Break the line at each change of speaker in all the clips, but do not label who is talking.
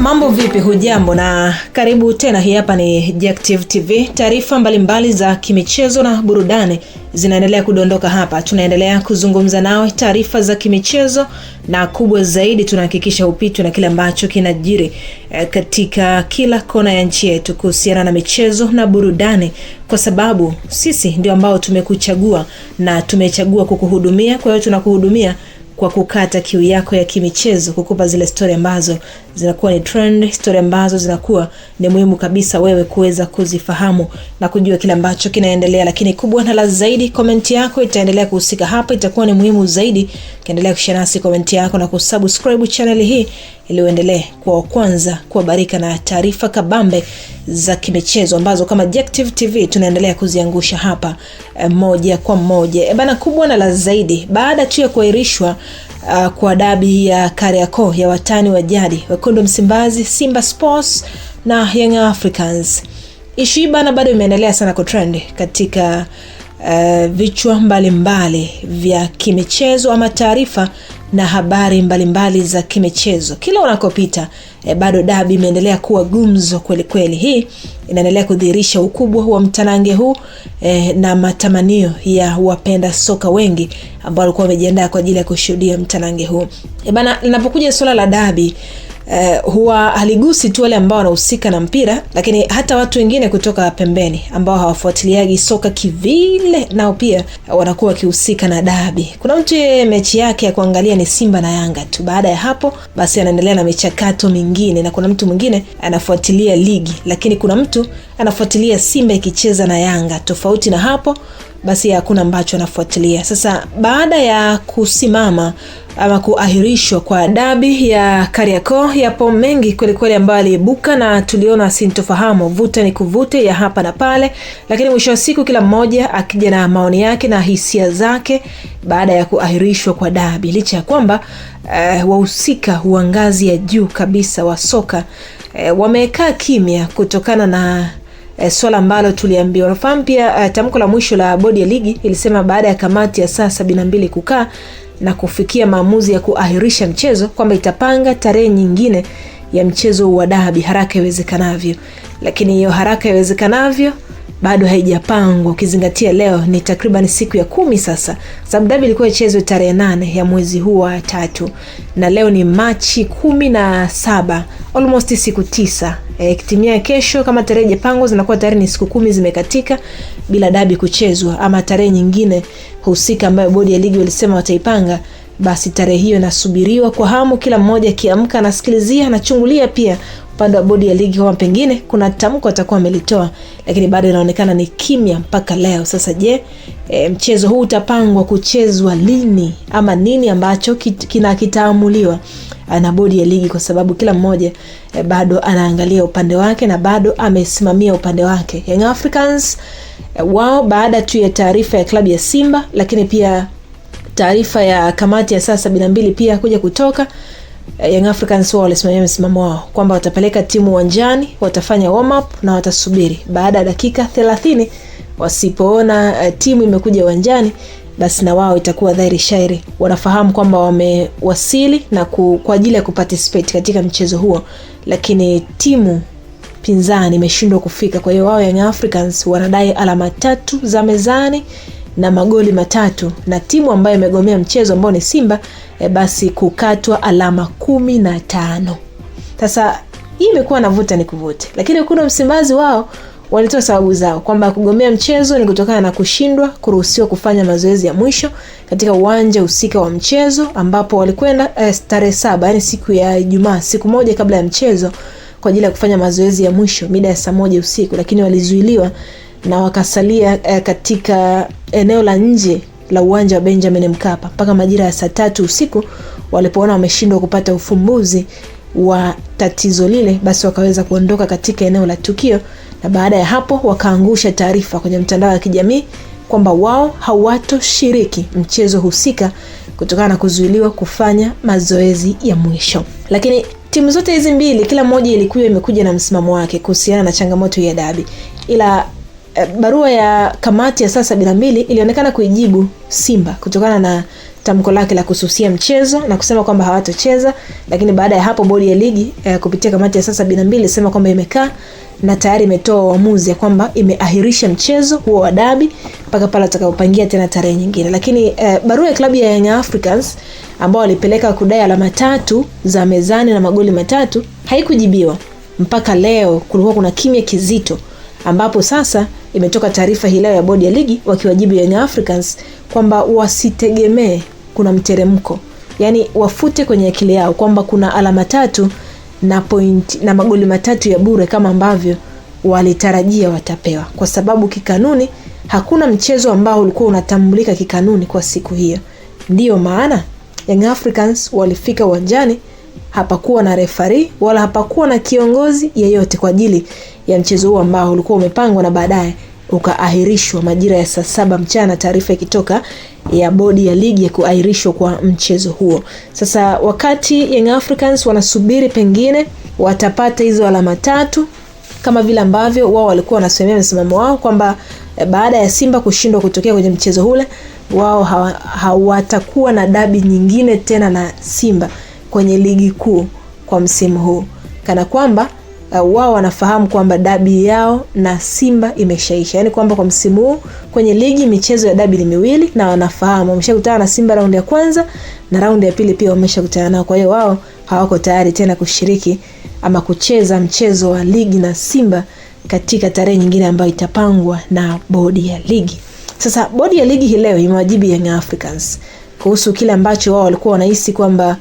Mambo vipi, hujambo na karibu tena. Hii hapa ni jactive TV. Taarifa mbalimbali za kimichezo na burudani zinaendelea kudondoka hapa, tunaendelea kuzungumza nawe taarifa za kimichezo na kubwa zaidi, tunahakikisha upitwi na kile ambacho kinajiri e, katika kila kona ya nchi yetu kuhusiana na michezo na burudani, kwa sababu sisi ndio ambao tumekuchagua na tumechagua kukuhudumia, kwa hiyo tunakuhudumia kwa kukata kiu yako ya kimichezo, kukupa zile stori ambazo zinakuwa ni trend, stori ambazo zinakuwa ni muhimu kabisa wewe kuweza kuzifahamu na kujua kile ambacho kinaendelea. Lakini kubwa na la zaidi, komenti yako itaendelea kuhusika hapa, itakuwa ni muhimu zaidi. Kaendelea kushare nasi komenti yako na kusubscribe chaneli hii ili uendelee kuwa wa kwanza kuhabarika na taarifa kabambe za kimichezo ambazo kama Objective TV tunaendelea kuziangusha hapa e, moja kwa moja. E bana, kubwa na la zaidi, baada tu ya kuahirishwa uh, kwa dabi ya Kariakoo ya watani wa jadi wekundu Msimbazi, Simba Sports na Young Africans, ishu bana bado imeendelea sana kutrend katika Uh, vichwa mbalimbali vya kimichezo ama taarifa na habari mbalimbali mbali za kimichezo. Kila unakopita e, bado dabi imeendelea kuwa gumzo kweli kweli. Hii inaendelea kudhihirisha ukubwa wa mtanange huu e, na matamanio ya wapenda soka wengi ambao walikuwa wamejiandaa kwa ajili ya kushuhudia mtanange huu. E, bana, linapokuja suala la dabi eh, huwa haligusi tu wale ambao wanahusika na mpira, lakini hata watu wengine kutoka pembeni ambao hawafuatiliagi soka kivile, nao pia wanakuwa wakihusika na dabi. Kuna mtu mechi yake ya kuangalia ni Simba na Yanga tu, baada ya hapo basi anaendelea na michakato mingine, na kuna mtu mwingine anafuatilia ligi, lakini kuna mtu anafuatilia Simba ikicheza na Yanga. Tofauti na hapo basi hakuna ambacho anafuatilia. Sasa baada ya kusimama ama kuahirishwa kwa dabi ya Kariakoo, yapo mengi kwelikweli ambayo aliibuka na tuliona sintofahamu, vuta ni kuvute ya hapa na pale, lakini mwisho wa siku kila mmoja akija na maoni yake na hisia zake baada ya kuahirishwa kwa dabi, licha ya kwamba eh, wahusika wa ngazi ya juu kabisa wa soka eh, wamekaa kimya kutokana na e, swala ambalo tuliambiwa. Nafahamu pia e, tamko la mwisho la bodi ya ligi ilisema baada ya kamati ya saa sabini na mbili kukaa na kufikia maamuzi ya kuahirisha mchezo kwamba itapanga tarehe nyingine ya mchezo wa dabi haraka iwezekanavyo, lakini hiyo haraka iwezekanavyo bado haijapangwa ukizingatia leo ni takriban siku ya kumi sasa, sababu dabi ilikuwa ichezwe tarehe nane ya mwezi huu wa tatu na leo ni Machi kumi na saba, almost siku tisa E, eh, kitimia kesho kama tarehe jepangwa zinakuwa tayari ni siku kumi zimekatika bila dabi kuchezwa ama tarehe nyingine husika ambayo bodi ya ligi walisema wataipanga, basi tarehe hiyo inasubiriwa kwa hamu, kila mmoja akiamka anasikilizia, anachungulia pia upande wa bodi ya ligi kama pengine kuna tamko atakuwa amelitoa, lakini bado inaonekana ni kimya mpaka leo. Sasa je, e, mchezo huu utapangwa kuchezwa lini ama nini ambacho kina kitaamuliwa? na bodi ya ligi, kwa sababu kila mmoja eh, bado anaangalia upande wake na bado amesimamia upande wake. Young Africans eh, wao baada tu ya taarifa ya klabu ya Simba, lakini pia taarifa ya kamati ya saa sabini na mbili pia kuja kutoka eh, Young Africans wao walisimamia msimamo wao kwamba watapeleka timu uwanjani, watafanya warm up na watasubiri. Baada ya dakika 30 wasipoona uh, timu imekuja uwanjani basi na wao itakuwa dhahiri shairi wanafahamu kwamba wamewasili na ku, kwa ajili ya kuparticipate katika mchezo huo, lakini timu pinzani imeshindwa kufika. Kwa hiyo wao Young Africans wanadai alama tatu za mezani na magoli matatu, na timu ambayo imegomea mchezo ambao ni Simba e, basi kukatwa alama kumi na tano. Sasa hii imekuwa navuta ni kuvute, lakini kuna Msimbazi wao walitoa sababu zao kwamba kugomea mchezo ni kutokana na kushindwa kuruhusiwa kufanya mazoezi ya mwisho katika uwanja husika wa mchezo ambapo walikwenda eh, tarehe saba, yani siku ya jumaa siku moja kabla ya mchezo kwa ajili ya kufanya mazoezi ya mwisho mida ya saa moja usiku, lakini walizuiliwa na wakasalia eh, katika eneo la nje la uwanja wa Benjamin Mkapa mpaka majira ya saa tatu usiku walipoona wameshindwa kupata ufumbuzi wa tatizo lile, basi wakaweza kuondoka katika eneo la tukio, na baada ya hapo wakaangusha taarifa kwenye mtandao wa kijamii kwamba wao hawatoshiriki mchezo husika kutokana na kuzuiliwa kufanya mazoezi ya mwisho. Lakini timu zote hizi mbili, kila moja ilikuwa imekuja na msimamo wake kuhusiana na changamoto ya dabi, ila eh, barua ya kamati ya saa sabini mbili ilionekana kuijibu Simba kutokana na tamko lake la kususia mchezo na kusema kwamba hawatocheza. Lakini baada ya hapo bodi ya ligi eh, kupitia kamati ya saa sabini na mbili ilisema kwamba imekaa na tayari imetoa uamuzi ya kwamba imeahirisha mchezo huo wa dabi mpaka pale atakapopangia tena tarehe nyingine. Lakini eh, barua ya klabu ya Young Africans ambao walipeleka kudai alama tatu za mezani na magoli matatu haikujibiwa mpaka leo. Kulikuwa kuna kimya kizito ambapo sasa imetoka taarifa hii leo ya bodi ya ligi wakiwajibu Young Africans kwamba wasitegemee kuna mteremko, yaani wafute kwenye akili yao kwamba kuna alama tatu na point, na magoli matatu ya bure kama ambavyo walitarajia watapewa, kwa sababu kikanuni hakuna mchezo ambao ulikuwa unatambulika kikanuni kwa siku hiyo. Ndiyo maana Young Africans walifika uwanjani hapakuwa na refari wala hapakuwa na kiongozi yeyote kwa ajili ya mchezo huu ambao ulikuwa umepangwa na baadaye ukaahirishwa majira ya saa saba mchana, taarifa ikitoka ya bodi ya ligi ya kuahirishwa kwa mchezo huo. Sasa wakati Young Africans wanasubiri pengine watapata hizo alama tatu kama vile ambavyo wao walikuwa wanasemea msimamo wao kwamba eh, baada ya Simba kushindwa kutokea kwenye mchezo ule wao hawatakuwa hawa na dabi nyingine tena na Simba kwenye ligi kuu kwa msimu huu, kana kwamba uh, wao wanafahamu kwamba dabi yao na Simba imeshaisha, yaani kwamba kwa msimu huu kwenye ligi michezo ya dabi ni miwili, na wanafahamu wameshakutana na Simba raundi ya kwanza na raundi ya pili pia wameshakutana nao. Kwa hiyo wao hawako tayari tena kushiriki ama kucheza mchezo wa ligi na Simba katika tarehe nyingine ambayo itapangwa na bodi ya ligi. Sasa bodi ya ligi hii leo imewajibu Young Africans kuhusu kile ambacho wao walikuwa wanahisi kwamba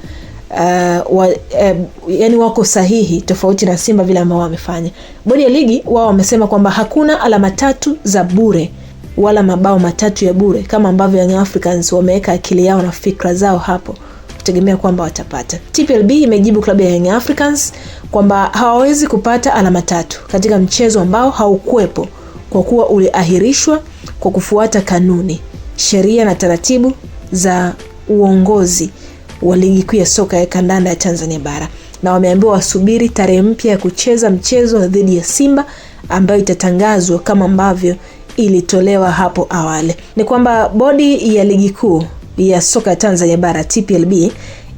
uh, wa, uh, yani wako sahihi tofauti na Simba vile ambao wamefanya. Bodi ya ligi wao wamesema kwamba hakuna alama tatu za bure wala mabao matatu ya bure kama ambavyo Young Africans wameweka akili yao na fikra zao hapo kutegemea kwamba watapata. TPLB imejibu klabu ya Young Africans kwamba hawawezi kupata alama tatu katika mchezo ambao haukuwepo kwa kuwa uliahirishwa kwa kufuata kanuni, sheria na taratibu za uongozi wa ligi kuu ya soka ya kandanda ya Tanzania bara na wameambiwa wasubiri tarehe mpya ya kucheza mchezo dhidi ya Simba ambayo itatangazwa kama ambavyo ilitolewa hapo awali. Ni kwamba bodi ya ligi kuu ya soka ya Tanzania bara TPLB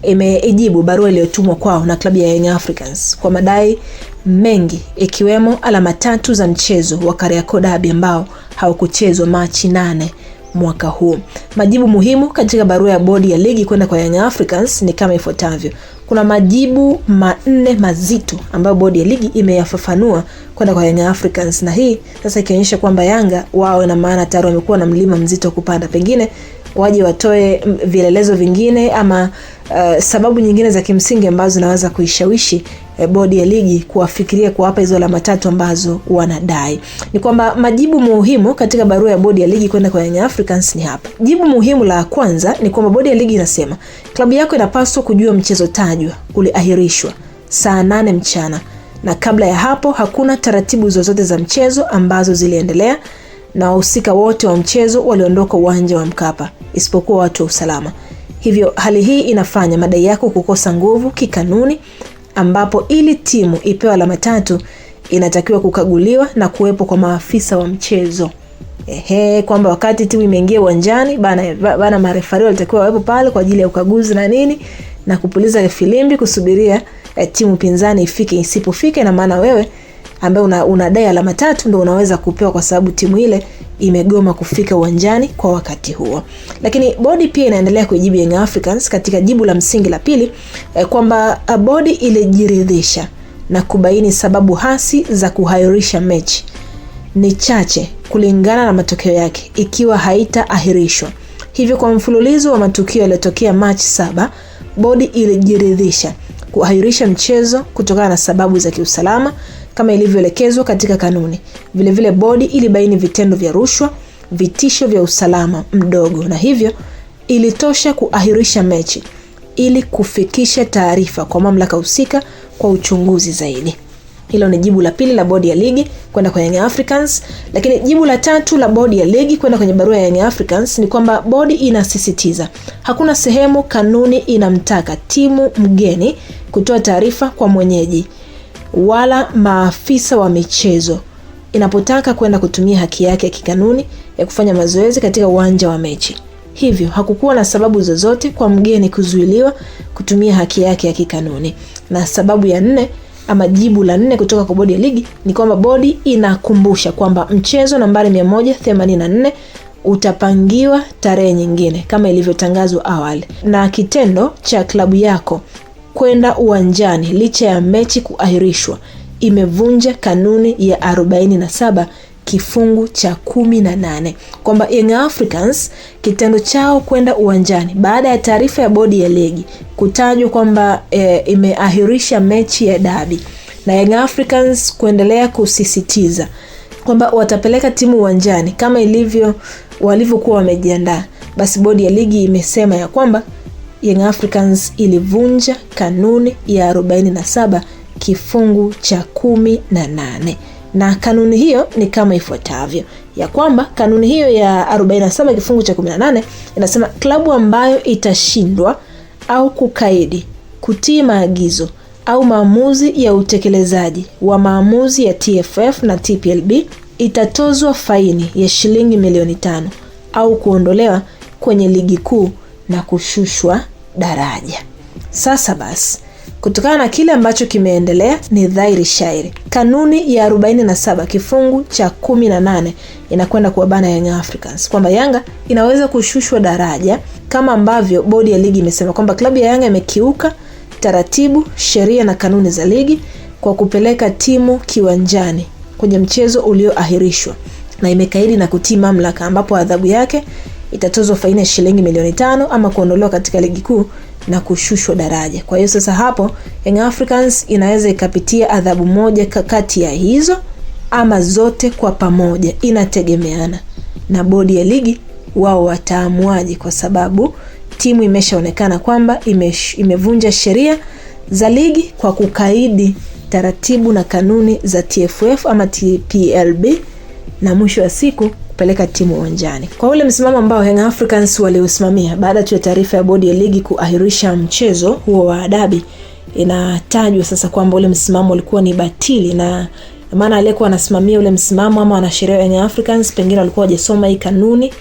imeijibu barua iliyotumwa kwao na klabu ya Young Africans kwa madai mengi ikiwemo alama tatu za mchezo wa Kariakoo Derby ambao haukuchezwa Machi nane mwaka huu. Majibu muhimu katika barua ya bodi ya ligi kwenda kwa Young Africans ni kama ifuatavyo. Kuna majibu manne mazito ambayo bodi ya ligi imeyafafanua kwenda kwa Young Africans, na hii sasa ikionyesha kwamba Yanga wao, ina maana tayari wamekuwa na mlima mzito wa kupanda, pengine waje watoe vielelezo vingine ama uh, sababu nyingine za kimsingi ambazo zinaweza kuishawishi eh, bodi ya ligi kuwafikiria kuwapa hizo alama tatu ambazo wanadai. Ni kwamba majibu muhimu katika barua ya bodi ya ligi kwenda kwa Africans ni hapa. Jibu muhimu la kwanza ni kwamba bodi ya ligi inasema klabu yako inapaswa kujua mchezo tajwa uliahirishwa saa nane mchana na kabla ya hapo hakuna taratibu zozote za mchezo ambazo ziliendelea na wahusika wote wa mchezo waliondoka uwanja wa Mkapa isipokuwa watu wa usalama. Hivyo hali hii inafanya madai yako kukosa nguvu kikanuni, ambapo ili timu ipewe alama tatu inatakiwa kukaguliwa na kuwepo kwa maafisa wa mchezo. Ehe, kwamba wakati timu imeingia uwanjani bana, bana marefari walitakiwa wawepo pale kwa ajili ya ukaguzi na nini na kupuliza filimbi kusubiria eh, timu pinzani ifike. Isipofika ina maana wewe ambaye una, unadai alama tatu ndo unaweza kupewa kwa sababu timu ile imegoma kufika uwanjani kwa wakati huo. Lakini bodi pia inaendelea kujibu Young Africans katika jibu la msingi la pili eh, kwamba eh, bodi ilijiridhisha na kubaini sababu hasi za kuhairisha mechi ni chache kulingana na matokeo yake ikiwa haitaahirishwa. Hivyo kwa mfululizo wa matukio yaliyotokea Machi saba, bodi ilijiridhisha kuahirisha mchezo kutokana na sababu za kiusalama kama ilivyoelekezwa katika kanuni. Vilevile bodi ilibaini vitendo vya rushwa, vitisho vya usalama mdogo, na hivyo ilitosha kuahirisha mechi ili kufikisha taarifa kwa mamlaka husika kwa uchunguzi zaidi. Hilo ni jibu la pili la bodi ya ligi kwenda kwa Young Africans, lakini jibu la tatu la bodi ya ligi kwenda kwenye barua ya Young Africans ni kwamba bodi inasisitiza hakuna sehemu kanuni inamtaka timu mgeni kutoa taarifa kwa mwenyeji wala maafisa wa michezo inapotaka kwenda kutumia haki yake ya kikanuni ya kufanya mazoezi katika uwanja wa mechi. Hivyo hakukuwa na sababu zozote kwa mgeni kuzuiliwa kutumia haki yake ya kikanuni. Na sababu ya nne ama jibu la nne kutoka kwa bodi ya ligi ni kwamba bodi inakumbusha kwamba mchezo nambari 184 utapangiwa tarehe nyingine kama ilivyotangazwa awali, na kitendo cha klabu yako kwenda uwanjani licha ya mechi kuahirishwa imevunja kanuni ya 47 kifungu cha 18 kwamba Young Africans kitendo chao kwenda uwanjani baada ya taarifa ya bodi ya ligi kutajwa kwamba e, imeahirisha mechi ya dabi na Young Africans kuendelea kusisitiza kwamba watapeleka timu uwanjani kama ilivyo walivyokuwa wamejiandaa, basi bodi ya ligi imesema ya kwamba Young Africans ilivunja kanuni ya 47 kifungu cha 18 na kanuni hiyo ni kama ifuatavyo ya kwamba kanuni hiyo ya 47 kifungu cha 18 inasema klabu ambayo itashindwa au kukaidi kutii maagizo au maamuzi ya utekelezaji wa maamuzi ya TFF na TPLB itatozwa faini ya shilingi milioni tano au kuondolewa kwenye ligi kuu na kushushwa daraja. Sasa basi kutokana na kile ambacho kimeendelea ni dhahiri shairi, kanuni ya 47 kifungu cha 18 inakwenda kuwabana Young Africans kwamba Yanga inaweza kushushwa daraja kama ambavyo bodi ya ligi imesema kwamba klabu ya Yanga imekiuka taratibu, sheria na kanuni za ligi kwa kupeleka timu kiwanjani kwenye mchezo ulioahirishwa na imekaidi na kutii mamlaka, ambapo adhabu yake itatozwa faini ya shilingi milioni tano ama kuondolewa katika ligi kuu na kushushwa daraja. Kwa hiyo sasa hapo Young Africans inaweza ikapitia adhabu moja kati ya hizo ama zote kwa pamoja, inategemeana na bodi ya ligi wao wataamuaje, kwa sababu timu imeshaonekana kwamba imevunja sheria za ligi kwa kukaidi taratibu na kanuni za TFF ama TPLB, na mwisho wa siku kupeleka timu uwanjani. Kwa ule msimamo ambao Young Africans waliusimamia baada tu ya taarifa ya bodi ya ligi kuahirisha mchezo huo wa adabi inatajwa sasa kwamba ule msimamo ulikuwa ni batili na maana aliyekuwa anasimamia ule msimamo ama wanasheria wa Young Africans pengine walikuwa wajasoma hii kanuni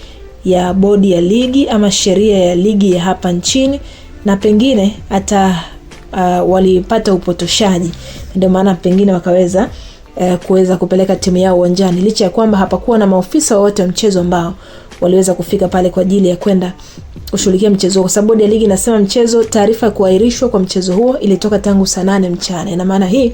ya bodi ya ligi ama sheria ya ligi ya hapa nchini, na pengine hata uh, walipata upotoshaji, ndio maana pengine wakaweza eh, kuweza kupeleka timu yao uwanjani licha ya kwamba hapakuwa na maofisa wote wa mchezo ambao waliweza kufika pale kwa ajili ya kwenda kushughulikia mchezo, kwa sababu bodi ya ligi inasema mchezo, taarifa ya kuahirishwa kwa mchezo huo ilitoka tangu saa nane mchana. Ina maana hii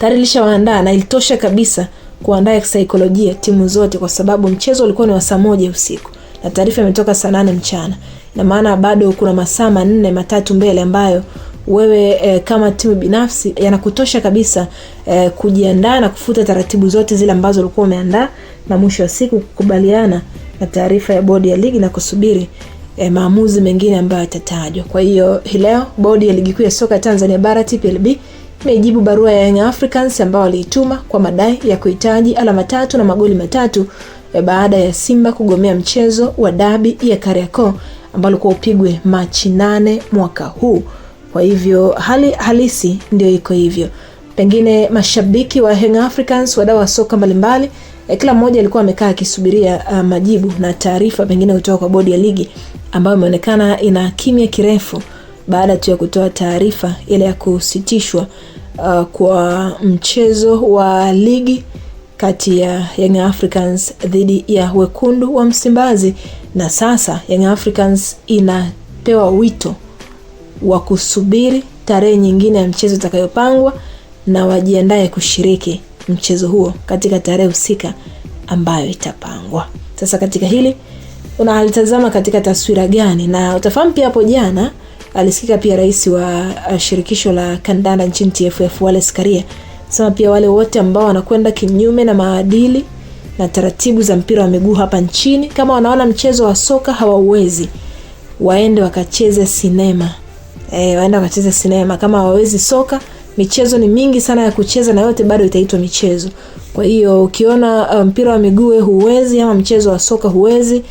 tayari ilishawaandaa na ilitosha kabisa kuandaa kisaikolojia timu zote, kwa sababu mchezo ulikuwa ni wa saa moja usiku na taarifa imetoka saa nane mchana. Ina maana bado kuna masaa manne matatu mbele ambayo wewe e, kama timu binafsi yanakutosha kabisa e, kujiandaa na kufuta taratibu zote zile ambazo ulikuwa umeandaa na mwisho wa siku kukubaliana na taarifa ya bodi ya ligi na kusubiri e, maamuzi mengine ambayo yatatajwa. Kwa hiyo hii leo bodi ya ligi kuu ya soka Tanzania bara TPLB imejibu barua ya Young Africans ambao waliituma kwa madai ya kuhitaji alama tatu na magoli matatu e, baada ya Simba kugomea mchezo wa dabi ya Kariakoo ambao ulikuwa upigwe Machi nane mwaka huu. Kwa hivyo hali halisi ndio iko hivyo. Pengine mashabiki wa Young Africans, wadau wa soka mbalimbali, eh, kila mmoja alikuwa amekaa akisubiria uh, majibu na taarifa pengine kutoka kwa bodi ya ligi ambayo imeonekana ina kimya kirefu baada tu ya kutoa taarifa ile ya kusitishwa uh, kwa mchezo wa ligi kati ya Young Africans dhidi ya wekundu wa Msimbazi, na sasa Young Africans inapewa wito wa kusubiri tarehe nyingine ya mchezo utakayopangwa na wajiandae kushiriki mchezo huo katika tarehe husika ambayo itapangwa. Sasa katika hili unalitazama katika taswira gani? Na utafahamu pia hapo jana alisikika pia rais wa uh, shirikisho la kandanda nchini TFF Wallace Karia sema pia wale wote ambao wanakwenda kinyume na maadili na taratibu za mpira wa miguu hapa nchini, kama wanaona mchezo wa soka hawauwezi, waende wakacheze sinema e, waenda wakacheze sinema. Kama wawezi soka, michezo ni mingi sana ya kucheza na yote bado itaitwa michezo. Kwa hiyo ukiona uh, mpira um, wa miguu huwezi ama mchezo wa soka huwezi,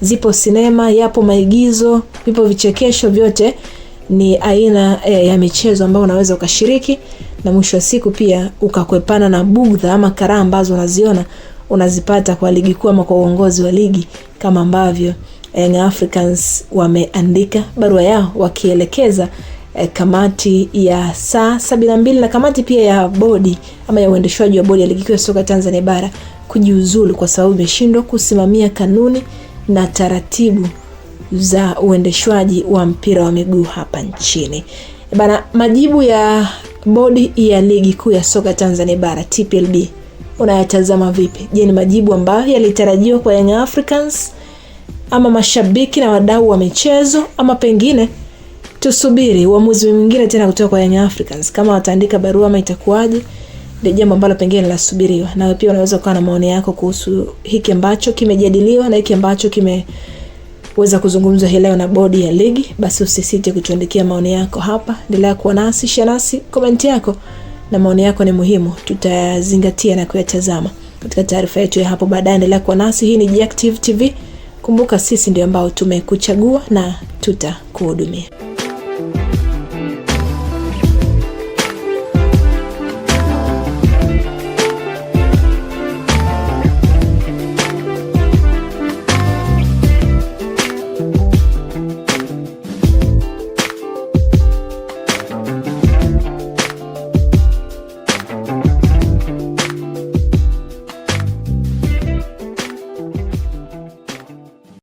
zipo sinema, yapo maigizo, vipo vichekesho, vyote ni aina e, ya michezo ambayo unaweza ukashiriki na mwisho wa siku pia ukakwepana na bugdha ama karaa ambazo unaziona unazipata kwa ligi kuu ama kwa uongozi wa ligi kama ambavyo Young Africans wameandika barua yao wakielekeza eh, kamati ya saa sabini na mbili na kamati pia ya bodi ama ya uendeshwaji wa bodi ya ligi kuu ya soka Tanzania bara kujiuzulu kwa sababu imeshindwa kusimamia kanuni na taratibu za uendeshwaji wa mpira wa miguu hapa nchini. Eh, bana, majibu ya bodi ya ligi kuu ya soka Tanzania bara TPLB unayatazama vipi? Je, ni majibu ambayo yalitarajiwa kwa Young Africans ama mashabiki na wadau wa michezo, ama pengine tusubiri uamuzi mwingine tena kutoka kwa Young Africans, kama wataandika barua ama itakuwaje. Ndio jambo ambalo pengine linasubiriwa. Na pia unaweza kuwa na maoni yako kuhusu hiki ambacho kimejadiliwa na hiki ambacho kimeweza kuzungumzwa hii leo na bodi ya ligi. Basi usisite kutuandikia maoni yako hapa, endelea kuwa nasi, share nasi komenti yako na maoni yako ni muhimu, tutazingatia na kuyatazama katika taarifa yetu ya hapo baadaye. Endelea kuwa nasi, hii ni Jack active TV. Kumbuka sisi ndio ambao tumekuchagua na tutakuhudumia.